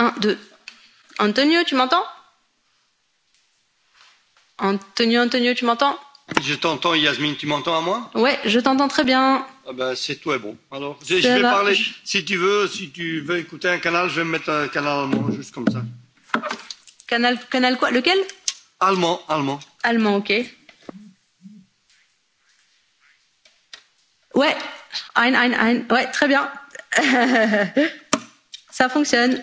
1, Antonio, tu m'entends Antonio, Antonio, tu m'entends Je t'entends, Yasmine, tu m'entends à moi Oui, je t'entends très bien. Ah ben, c'est toi, bon. Alors, je, je vais va. parler, si tu veux, si tu veux écouter un canal, je vais me mettre un canal allemand, juste comme ça. Canal, canal quoi Lequel Allemand, allemand. Allemand, ok. Ouais, ein, ein, ein. Ouais, très bien. ça fonctionne.